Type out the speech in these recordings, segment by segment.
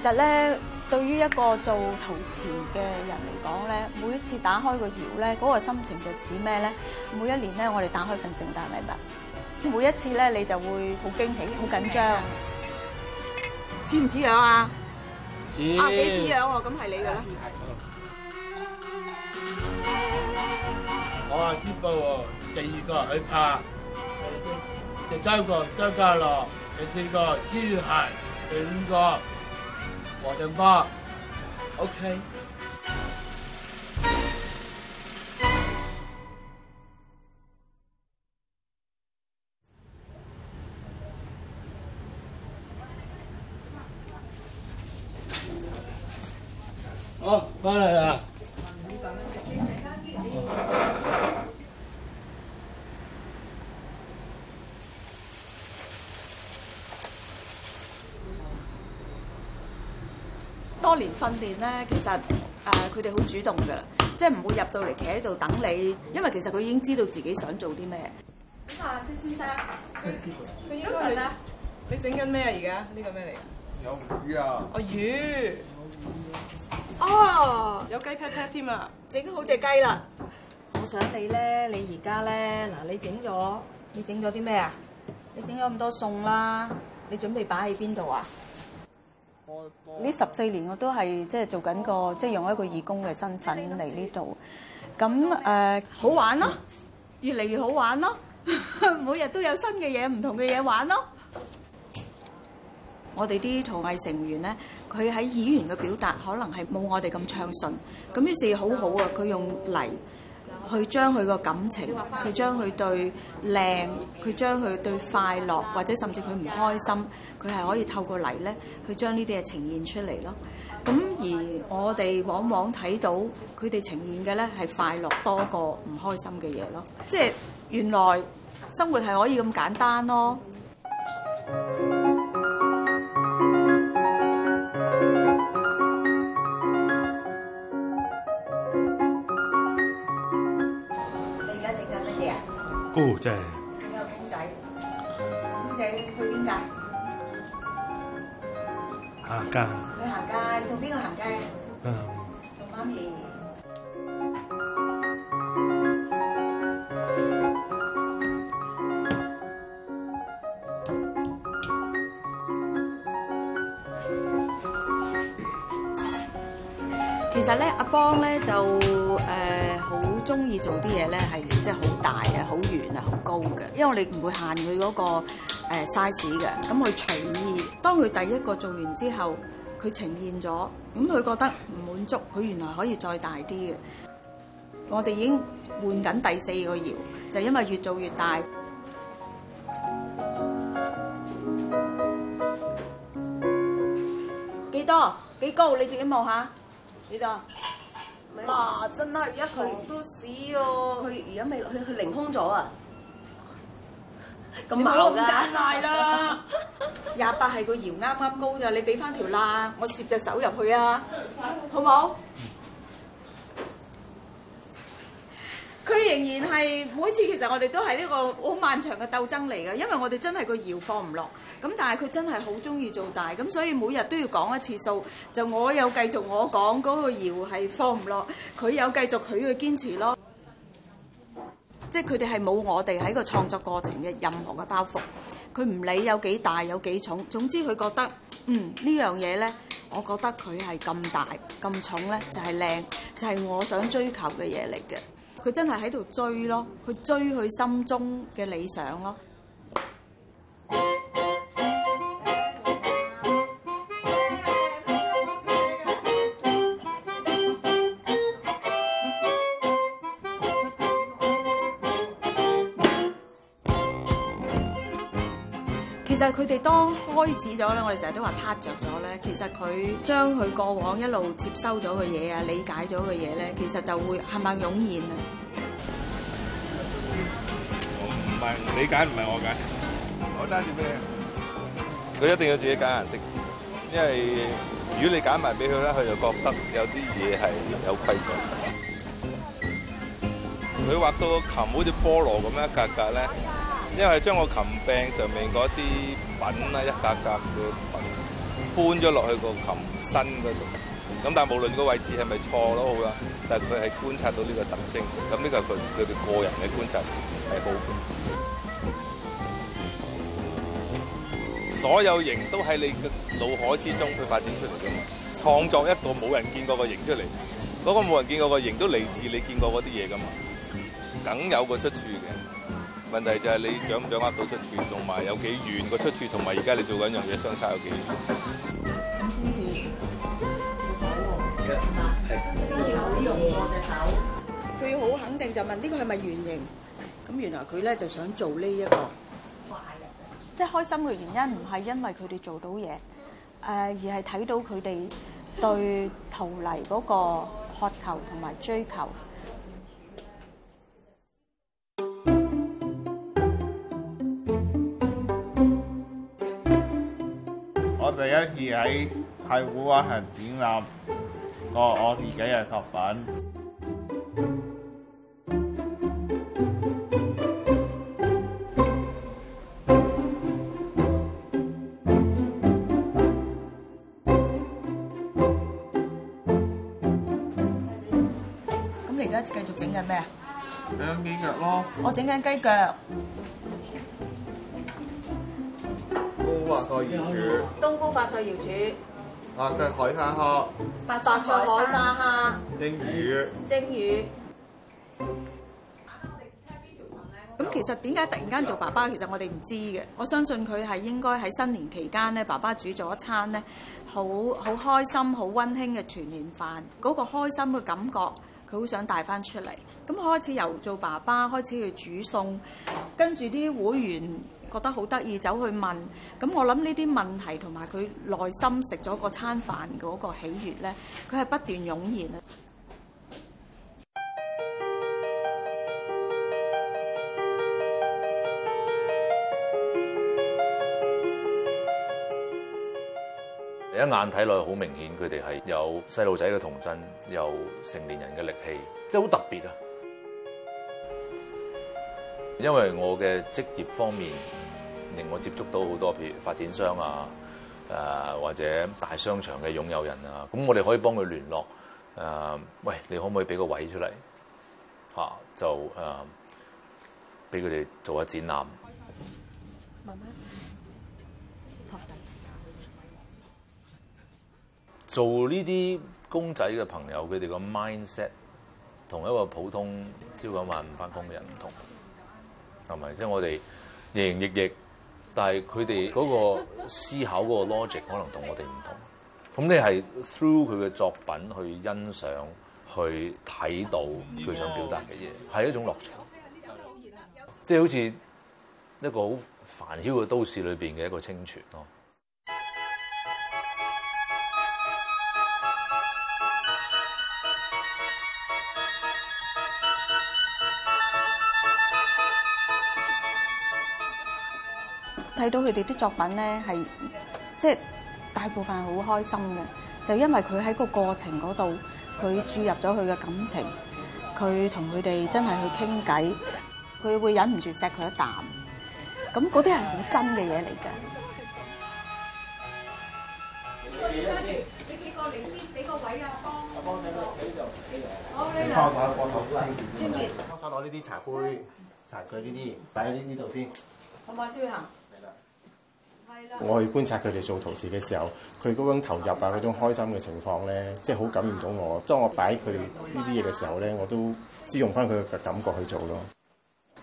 其實咧，對於一個做陶瓷嘅人嚟講咧，每一次打開個窯咧，嗰、那個心情就似咩咧？每一年咧，我哋打開份聖誕禮物，每一次咧，你就會好驚喜、好緊張。似唔似樣啊？似。啊幾似樣啊？咁係你嘅啦。我啊知嘅喎，第二個佢拍。第，第三個周家樂，第四個朱鞋，第五個。我的媽 OK 哦，返嚟啦。訓練咧，其實誒佢哋好主動噶啦，即係唔會入到嚟企喺度等你，因為其實佢已經知道自己想做啲咩。咁啊，蕭先生，早晨啦，你整緊咩啊？而家呢個咩嚟？有魚啊！哦，魚。哦、啊，oh, 有雞 pat pat 添啊！整好隻雞啦。我想你咧，你而家咧嗱，你整咗你整咗啲咩啊？你整咗咁多餸啦，你準備擺喺邊度啊？呢十四年我都係即係做緊個即係、就是、用一個義工嘅身份嚟呢度。咁誒、呃、好玩咯、啊，越嚟越好玩咯、啊，每日都有新嘅嘢，唔同嘅嘢玩咯、啊。我哋啲陶藝成員咧，佢喺演員嘅表達可能係冇我哋咁暢順，咁於是很好好啊，佢用嚟。去將佢個感情，佢將佢對靚，佢將佢對快樂，或者甚至佢唔開心，佢係可以透過嚟呢，去將呢啲嘢呈現出嚟咯。咁而我哋往往睇到佢哋呈現嘅呢係快樂多過唔開心嘅嘢咯。即係原來生活係可以咁簡單咯。哦，真係。仲有公仔？公仔去邊㗎？行街。去行街，同邊個行街啊？同媽咪。其實咧，阿邦咧就誒。中意做啲嘢咧，係即係好大啊、好圓啊、好高嘅，因為我哋唔會限佢嗰個 size 嘅，咁佢隨意。當佢第一個做完之後，佢呈現咗，咁佢覺得唔滿足，佢原來可以再大啲嘅。我哋已經換緊第四個窯，就因為越做越大。幾多？幾高？你自己望下，幾多？嗱、啊啊，真係而家佢都屎哦、啊！佢而家未，落去，佢凌空咗啊！咁好大啦。廿八係個搖啱啱高咋，你俾翻 條罅，我攝隻手入去啊，好唔好？佢仍然係每次，其實我哋都係呢個好漫長嘅鬥爭嚟嘅，因為我哋真係個搖放唔落咁，但係佢真係好鍾意做大咁，所以每日都要講一次數。就我有繼續我講嗰、那個搖係放唔落，佢有繼續佢嘅堅持咯。即係佢哋係冇我哋喺個創作過程嘅任何嘅包袱，佢唔理有幾大有幾重，總之佢覺得嗯呢樣嘢呢，我覺得佢係咁大咁重呢，就係、是、靚，就係、是、我想追求嘅嘢嚟嘅。佢真係喺度追咯，去追佢心中嘅理想咯。佢哋當開始咗咧，我哋成日都話撻着咗咧。其實佢將佢過往一路接收咗嘅嘢啊，理解咗嘅嘢咧，其實就會慢慢湧現啊。我唔係唔理解，唔係我解。我揸住咩？佢一定要自己揀顏色，因為如果你揀埋俾佢咧，佢就覺得有啲嘢係有規格。佢畫到琴好似菠蘿咁樣格格咧。因為將個琴柄上面嗰啲品啊，一格格嘅品搬咗落去個琴身嗰度，咁但係無論個位置係咪錯都好啦，但係佢係觀察到呢個特徵，咁呢個係佢佢哋個人嘅觀察係好嘅。 所有型都喺你嘅腦海之中去發展出嚟噶嘛，創作一個冇人見過個型出嚟，嗰個冇人見過個型都嚟自你見過嗰啲嘢噶嘛，梗有個出處嘅。問題就係你掌唔掌握到出處，同埋有幾遠個出處，同埋而家你做緊樣嘢相差有幾遠，咁先至手腳，先至好用我隻手。佢好肯定就問呢個係咪圓形？咁原來佢咧就想做呢一個，即係開心嘅原因，唔係因為佢哋做到嘢，誒而係睇到佢哋對陶泥嗰個渴求同埋追求。第一次喺太古灣行展覽個我自己嘅作品，嗯。咁你而家繼續整緊咩？整雞腳咯。我整緊雞腳。話個瑤柱，冬菇發菜瑤柱。啊，跟海蝦殼、白髮菜海蝦，蒸魚，蒸魚、嗯。咁其實點解突然間做爸爸？其實我哋唔知嘅。我相信佢係應該喺新年期間咧，爸爸煮咗一餐咧，好好開心、好溫馨嘅團年飯。嗰、嗰個開心嘅感覺，佢好想帶翻出嚟。咁開始由做爸爸開始去煮餸，跟住啲會員，覺得好得意，走去問。咁我諗呢啲問題同埋佢內心食咗個餐飯嗰個喜悅咧，佢係不斷湧現。你一眼睇落去，好明顯，佢哋係有細路仔嘅童真，有成年人嘅力氣，即係好特別啊！因為我嘅職業方面。令我接觸到好多譬如發展商啊，啊或者大商場嘅擁有人啊，咁我哋可以幫佢聯絡，啊，喂，你可唔可以俾個位出嚟？吓、啊，就畀俾佢哋做下展覽，慢慢做呢啲公仔嘅朋友，佢哋個 mindset 同一個普通朝九晚五翻工嘅人唔同，係咪？即係我哋營營役役。但係佢哋個思考個 logic 可能同我哋唔同，咁你係 through 佢嘅作品去欣賞去睇到佢想表達嘅嘢，係一種樂趣，即係好似一個好煩囂嘅都市裏邊嘅一個清泉咯。睇到佢哋啲作品咧，係即係大部分好開心嘅，就因為佢喺個過程嗰度，佢注入咗佢嘅感情，佢同佢哋真係去傾偈，佢會忍唔住錫佢一啖，咁嗰啲係好真嘅嘢嚟㗎。你幾個你啲，俾個位啊，阿方。阿方仔，呢度呢度。好，你嗱。清潔。幫我攞呢啲茶杯、茶具呢啲，擺喺呢啲度先。好唔好啊，蕭志恆？我去觀察佢哋做陶瓷嘅時候，佢嗰種投入啊，嗰種開心嘅情況咧，即係好感染到我。當我擺佢呢啲嘢嘅時候咧，我都只用翻佢嘅感覺去做咯。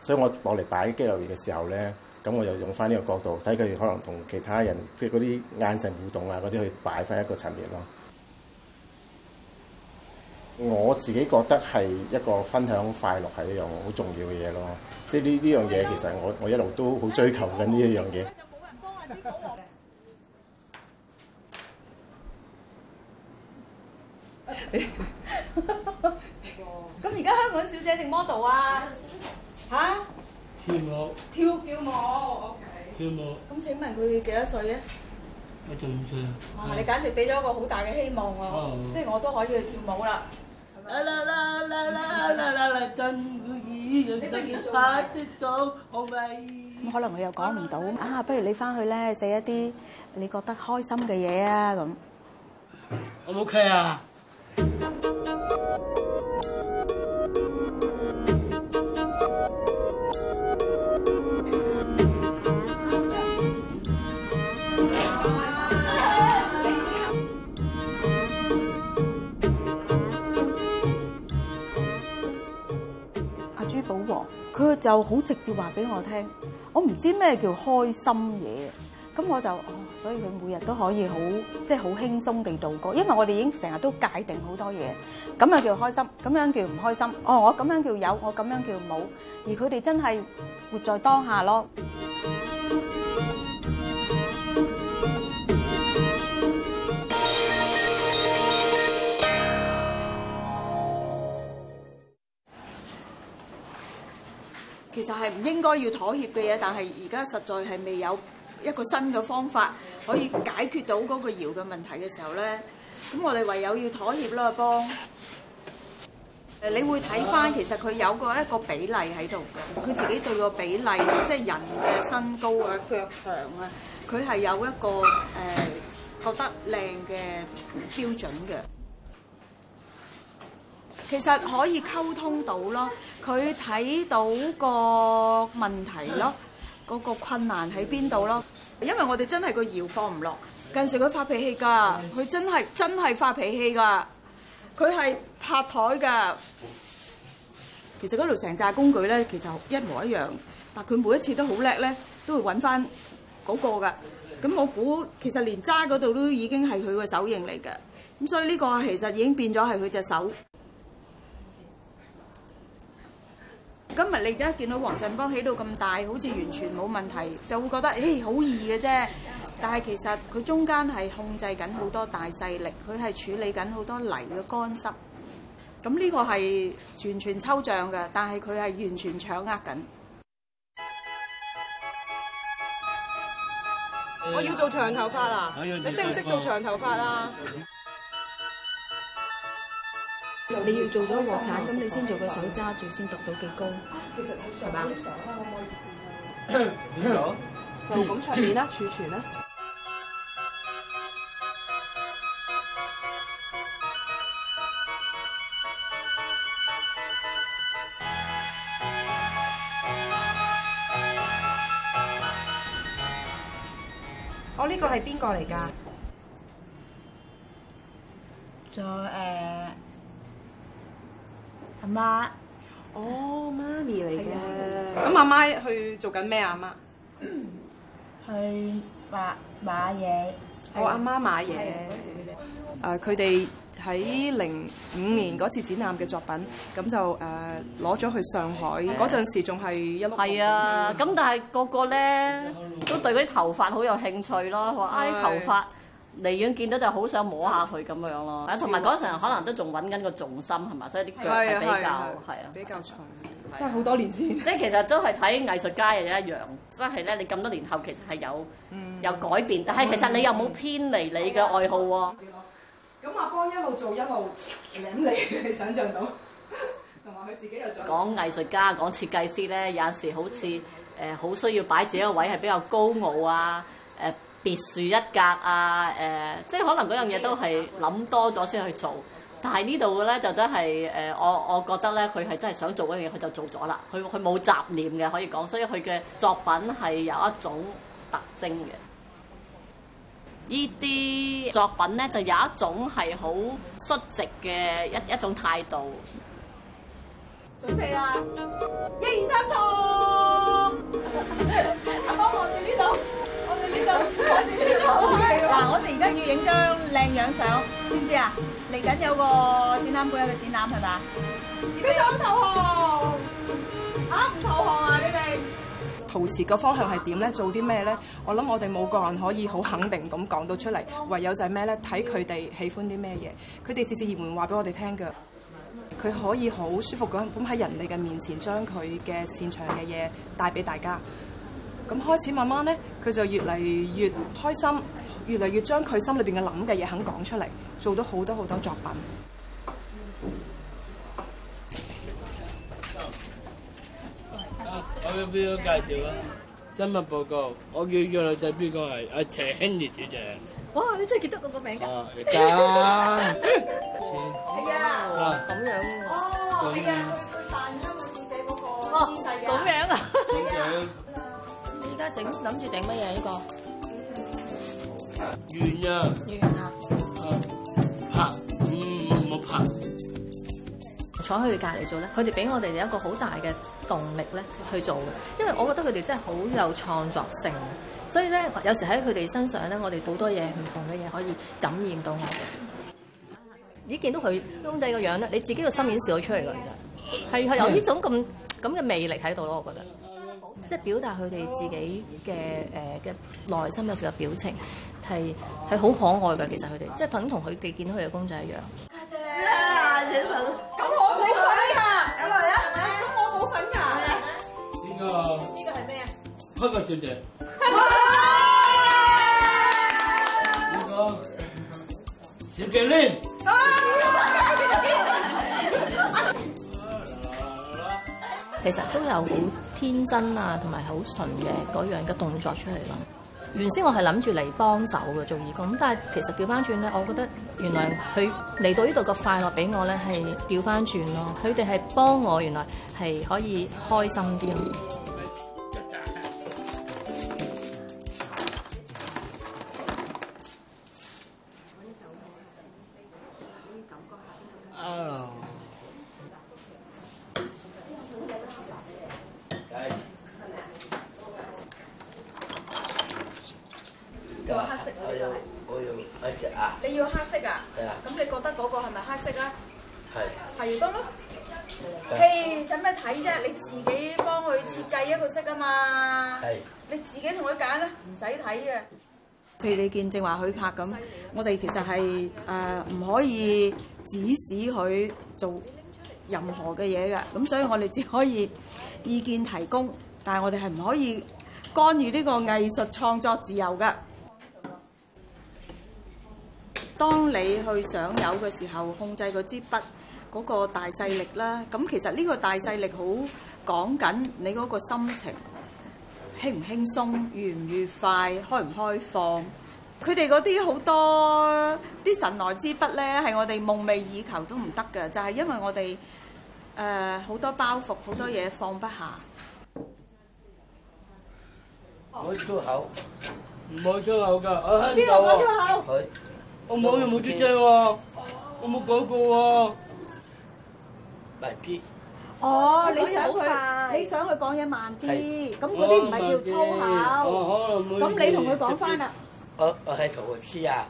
所以我攞嚟擺雞柳魚嘅時候咧，咁我又用翻呢個角度，睇佢可能同其他人嘅嗰啲眼神互動啊，嗰啲去擺翻一個層列咯。我自己覺得係一個分享快樂係一樣好重要嘅嘢咯。即係呢，呢樣嘢，其實我我一路都好追求緊呢一樣嘢。咁而家香港小姐定 model 啊？吓？跳舞。跳跳舞，OK。跳舞。咁請問佢幾多歲啊？一十五歲。哇！你簡直俾咗一個好大嘅希望喎，即係我都可以去跳舞啦。啦啦啦啦啦啦啦，真如意，有得花，得酒，好美。咁可能佢又講唔到啊！不如你翻去咧，寫一啲你覺得開心嘅嘢啊，咁，我 OK 啊。就好直接話俾我聽，我唔知咩叫開心嘢，咁我就，哦、所以佢每日都可以好，即係好輕鬆地度過，因為我哋已經成日都界定好多嘢，咁樣叫開心，咁樣叫唔開心，哦，我咁樣叫有，我咁樣叫冇，而佢哋真係活在當下咯。就係唔應該要妥協嘅嘢，但係而家實在係未有一個新嘅方法可以解決到嗰個搖嘅問題嘅時候咧，咁我哋唯有要妥協啦，幫誒。你會睇翻其實佢有個一個比例喺度嘅，佢自己對個比例，即係人嘅身高啊、腳長啊，佢係有一個誒覺得靚嘅標準嘅。其實可以溝通到咯，佢睇到個問題咯，嗰個困難喺邊度咯？因為我哋真係個搖放唔落，近時佢發脾氣㗎，佢真係真係發脾氣㗎，佢係拍台㗎。其實嗰度成扎工具咧，其實一模一樣，但係佢每一次都好叻咧，都會揾翻嗰個㗎。咁我估其實連揸嗰度都已經係佢個手型嚟㗎，咁所以呢個其實已經變咗係佢隻手。今日你而家見到黃振邦起到咁大，好似完全冇問題，就會覺得誒好、欸、易嘅啫。但係其實佢中間係控制緊好多大勢力，佢係處理緊好多泥嘅乾濕。咁呢個係完全，全抽象嘅，但係佢係完全掌握緊。我要做長頭髮啦，你識唔識做長頭髮啊？你要做咗鑊鏟，咁你先做個手揸住先，讀到幾高，係吧？變咗就點啦？儲存咧？我呢個係邊個嚟㗎？就誒。阿媽，哦，媽咪嚟嘅。咁阿媽去做緊咩啊？阿媽去買買嘢。我阿媽買嘢。誒，佢哋喺零五年嗰次展覽嘅作品，咁就誒攞咗去上海，嗰陣時，仲係一碌。係啊，咁但係個個咧都對嗰啲頭髮好有興趣咯，話啲頭髮。離遠見到就好想摸下佢咁樣咯，同埋嗰陣可能都仲揾緊個重心係嘛，所以啲腳係比較啊，比較長，真係好多年先。即、就、係、是、其實都係睇藝術家又一樣，真係咧你咁多年後其實係有、嗯、有改變，嗯、但係其實你又冇偏離你嘅愛好喎。咁阿方一路做一路舐你，你想象到同埋佢自己又做。講藝術家講設計師咧，有陣時好似好、嗯呃、需要擺自己個位係比較高傲啊、呃別樹一格啊！誒、呃，即係可能嗰樣嘢都係諗多咗先去做，但係呢度嘅咧就真係誒、呃，我我覺得咧佢係真係想做嗰樣嘢，佢就做咗啦。佢佢冇雜念嘅可以講，所以佢嘅作品係有一種特徵嘅。呢啲作品咧就有一種係好率直嘅一一種態度。準備啦！一二三，套。 嚟緊有個展覽有嘅展覽係嘛？而家有唔投降？嚇唔投降啊！你哋陶瓷嘅方向係點咧？做啲咩咧？我諗我哋冇個人可以好肯定咁講到出嚟，唯有就係咩咧？睇佢哋喜歡啲咩嘢，佢哋自自然然話俾我哋聽㗎。佢可以好舒服咁咁喺人哋嘅面前將佢嘅擅長嘅嘢帶俾大家。咁開始慢慢咧，佢就越嚟越開心，越嚟越將佢心裏邊嘅諗嘅嘢肯講出嚟，做到好多好多作品。我叫邊個介紹啊？新聞報告，我叫約女仔，邊個係阿陳興烈姐姐？哇！你真係記得嗰個名㗎？記得。係啊。咁樣。哦，係啊。整諗住整乜嘢呢、這個？完呀、啊。完啊，啊。拍唔好、嗯、拍。坐喺佢隔籬做咧，佢哋俾我哋有一個好大嘅動力咧去做嘅，因為我覺得佢哋真係好有創作性，所以咧有時喺佢哋身上咧，我哋好多嘢唔同嘅嘢可以感染到我。哋、嗯。咦，見到佢公仔個樣咧，你自己個心已經笑出嚟啦，其實係係有呢種咁咁嘅魅力喺度咯，我覺得。即係表達佢哋自己嘅誒嘅內心有時嘅表情係係好可愛㗎，其實佢哋即係等同佢哋見到佢嘅公仔一樣。嘉姐，咁我冇份㗎，有冇啊？咁我冇份㗎。呢個呢個係咩啊？呢個小姐，呢個小姐咧，其實都有好。天真啊，同埋好純嘅嗰樣嘅動作出嚟咯。原先我係諗住嚟幫手嘅做義工，咁但係其實調翻轉咧，我覺得原來佢嚟到呢度嘅快樂俾我咧係調翻轉咯。佢哋係幫我，原來係可以開心啲。你自己同佢揀啦，唔使睇嘅。譬如你見正話佢拍咁，我哋其實係誒唔可以指使佢做任何嘅嘢嘅，咁所以我哋只可以意見提供，但係我哋係唔可以干預呢個藝術創作自由嘅。當你去上油嘅時候，控制嗰支筆嗰個大勢力啦，咁 其實呢個大勢力好講緊你嗰個心情。輕唔輕鬆，愉唔愉快，開唔開放，佢哋嗰啲好多啲神來之筆咧，係我哋夢寐以求都唔得嘅，就係因為我哋誒好多包袱，好多嘢放不下。開出口，唔開出口㗎，邊個講出口？我冇又冇出聲喎，我冇講過喎，唔係哦，你想佢，你想佢講嘢慢啲，咁嗰啲唔係叫粗口。咁你同佢講翻啦。我我係導師啊。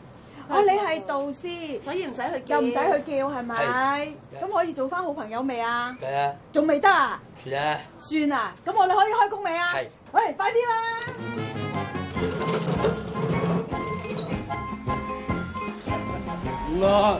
啊，你係導師，所以唔使去叫，又唔使去叫，係咪？咁可以做翻好朋友未啊？係啊。仲未得啊？係。算啦，咁我哋可以開工未啊？係。喂，快啲啦！啦。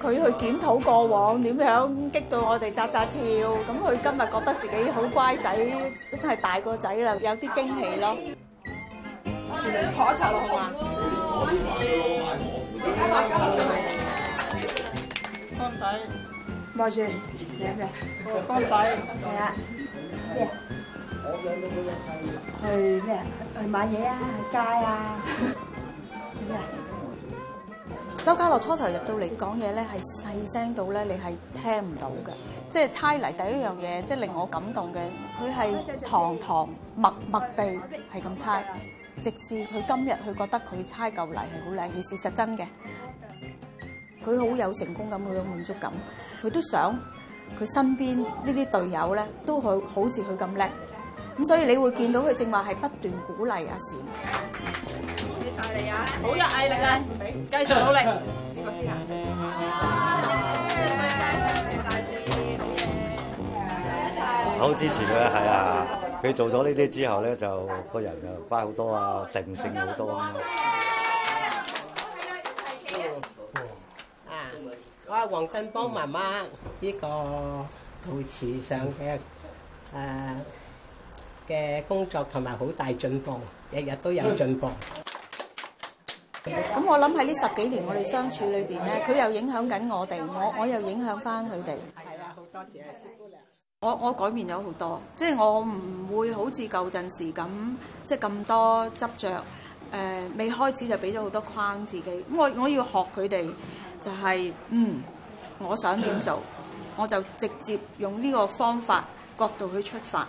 佢去檢討過往點樣激到我哋扎扎跳，咁佢今日覺得自己好乖仔，真係大個仔啦，有啲驚喜咯。坐一陣好嘛？光仔，望住咩嘢？光仔，係啊，咩啊？去咩啊？去買嘢啊？去街啊？點啊？周家樂初頭入到嚟講嘢咧，係細聲到咧，你係聽唔到嘅。即係猜泥第一樣嘢，即係令我感動嘅，佢係堂堂默默地係咁猜，直至佢今日佢覺得佢猜嚿泥係好靚，而事實真嘅，佢好有成功感，好有滿足感。佢都想佢身邊呢啲隊友咧，都好好似佢咁叻。咁所以你會見到佢正話係不斷鼓勵阿時。唔俾，繼續努力，這個啊嗯。好支持佢啊，係啊！佢做咗呢啲之後咧，就個人就乖好多啊，定性好多。啊，我阿黃振邦媽媽這，呢個陶瓷上嘅誒嘅工作同埋好大進步，日日都有進步。嗯。咁我諗喺呢十幾年我哋相處裏邊咧，佢又影響緊我哋，我我又影響翻佢哋。係啊，好多謝，小姑娘。我我改變咗好多，即係我唔會好似舊陣時咁，即係咁多執着。誒、呃，未開始就俾咗好多框自己。咁我我要學佢哋，就係、是，嗯，我想點做，我就直接用呢個方法角度去出發。